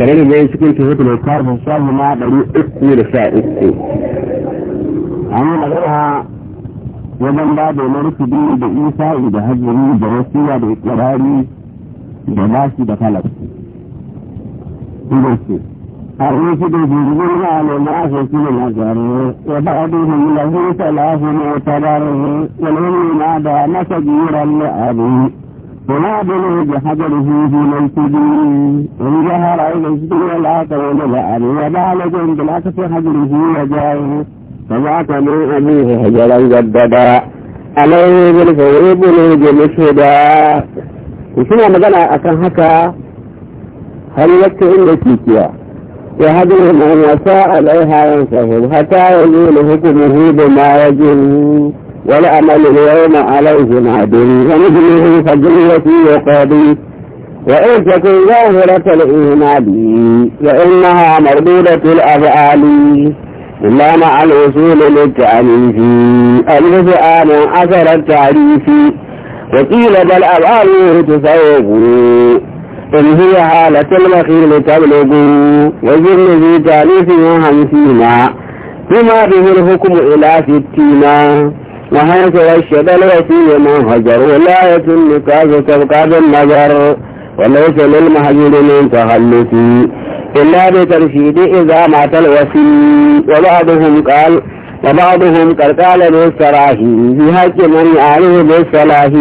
kare da zai cikin ta hutu lokar da ma ɗari uku da sha uku amma magana wajen ba da rufi biyu da isa, da hajjari da rasuwa da ikirari da bashi da kalab idansu a rufe da jirgin na ne na ashe shi ne na gare ya ba a duhu ne na zurfa lafi ne ta gare ne yalwani da nasa jiran na abu kuma bane da hajar hujji nan kudi in ga har ayi ga shi ne la ta wanda ba a ne ba la ga in da ka fi hajar hujji ya ga ba za ka mu ami hajaran gaddada alai bil fawaid ne ga mushida ku kuma magana akan haka har yake inda kike ya ya hadin mu ya sa alai hayan sahu hatta yulu hukumu hu bi ma yajin والأمل اليوم عليه نادم ومثله فالجنية يقاضي وإن تكن ظاهرة الإيمان فإنها مردودة الأفعال إلا مع الوصول للتعريف الوسعان أثر التعريف وقيل بل أفعال تسوق إن هي حالة المخيل تبلغ وزن ذي تاليف وخمسين بما به الحكم إلى ستين وهكذا الشبل يأتي ما هجر ولا ولاية نكاز تبقى بالنظر وليس للمهجور من تخلفي إلا بترشيد إذا مات الوفي وبعضهم قال وبعضهم قد قال بالصلاح حق من يعرف بالصلاح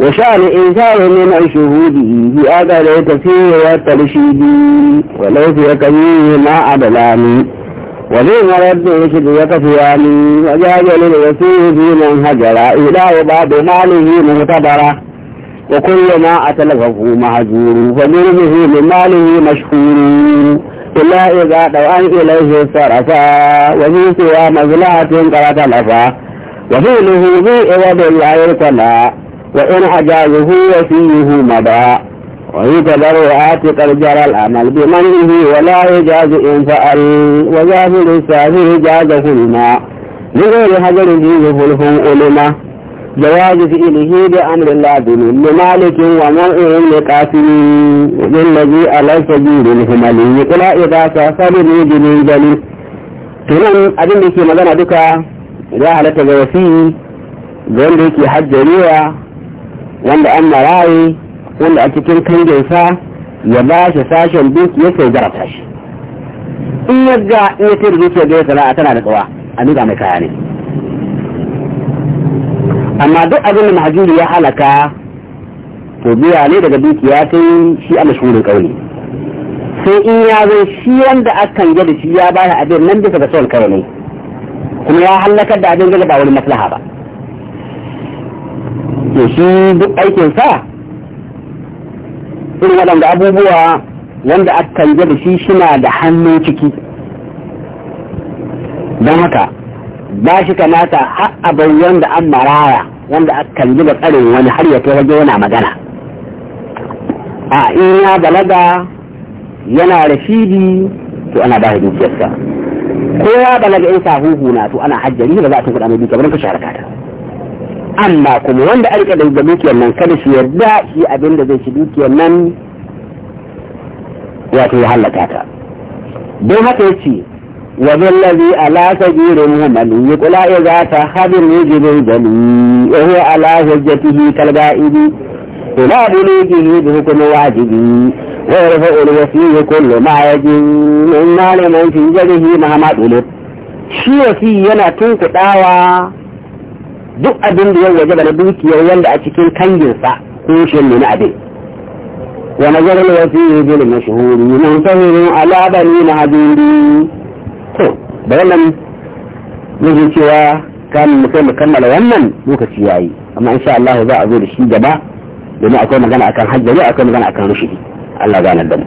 وشأن إنسان من الشهود في أثر التفسير والترشيد وليس كبير ما أبلاني ومن رب رشدك فيامي وجاجل يسير في من هجر إلى بعض ماله مغتبرة وكل ما أتلفه مهجور فمنه من ماله مشهور إلا إذا طوعا إليه صرفا وفي سوى مزلعة قد تلفا وفعله ذي عوض لا يرتلى وإن أجازه وفيه مضى ويقدر يعتق الجرى العمل بمنه ولا يجاز إن فعل وجاهل السافر جازه الماء لغير هجر فيه فلهم ألمة جواز فعله بأمر لازم لمالك ومرء لقاسم للذي على سبيل الهمل يقول إذا سافر يجري جلي tunan abin da ke magana duka ya halatta ga wasi ga وان yake hajjariya wanda a cikin kangensa ya ba shi sashen dukiya sai zarata shi in ya ga in ya tere zuciya ga sana'a tana da tsawa a duka mai kaya ne amma duk abin da mahajiri ya halaka to biya ne daga dukiya sai shi a mashhurin kauli sai in ya zo shi wanda akan yi da shi ya ba shi abin nan bisa ga son kai ne kuma ya halakar da abin gaba ba wani maslaha ba to shi duk aikinsa irin waɗanda abubuwa wanda akan da shi suna da hannun ciki don haka ba shi kamata har abin wanda an maraya wanda akan da tsarin wani har ya kai waje yana magana a in ya balaga yana rashidi to ana ba shi dukiyarsa ko ya balaga in sa huhuna to ana hajjari da za a tukuɗa mai dukiya ba don kashe harkata amma kuma wanda a rika da dukiyar nan kada shi yarda shi abin da zai shi dukiyar nan wato ya hallaka ta don haka yace wa zallazi ala sajirin muhammadu ya kula ya ta hadin yajibin gani ya huwa ala hujjatihi kalgaibi ila bulugihi bi hukm wajibi wa yarfa'u al-wasiyyu kullu ma yajin min mal man fi jarihi mahama shi wasi yana tunkudawa duk abin da ya waje na dukiyar yadda a cikin kanginsa ko shi ne na abin wa nazar al wasiyi bil mashhuri man sahiru ala bani na hadiri to da wannan yake cewa kan mu kai mu kammala wannan lokaci yi amma insha Allah za a zo da shi gaba domin akwai magana akan hajjari akwai magana akan rushidi Allah gane da mu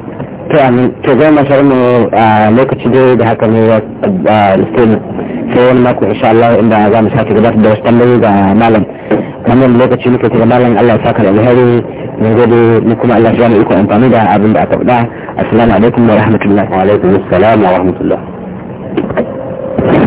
to to zai mu ah, lokaci da haka ne ya ah, ah, sai wani mako insha Allah inda za mu sake gabatar da wasu tambayoyi ga malam wannan lokaci muke kira malam Allah ya saka da alheri mun gode mu kuma Allah ya iko amfani da abin da aka faɗa assalamu alaikum wa rahmatullahi wa alaikum assalam wa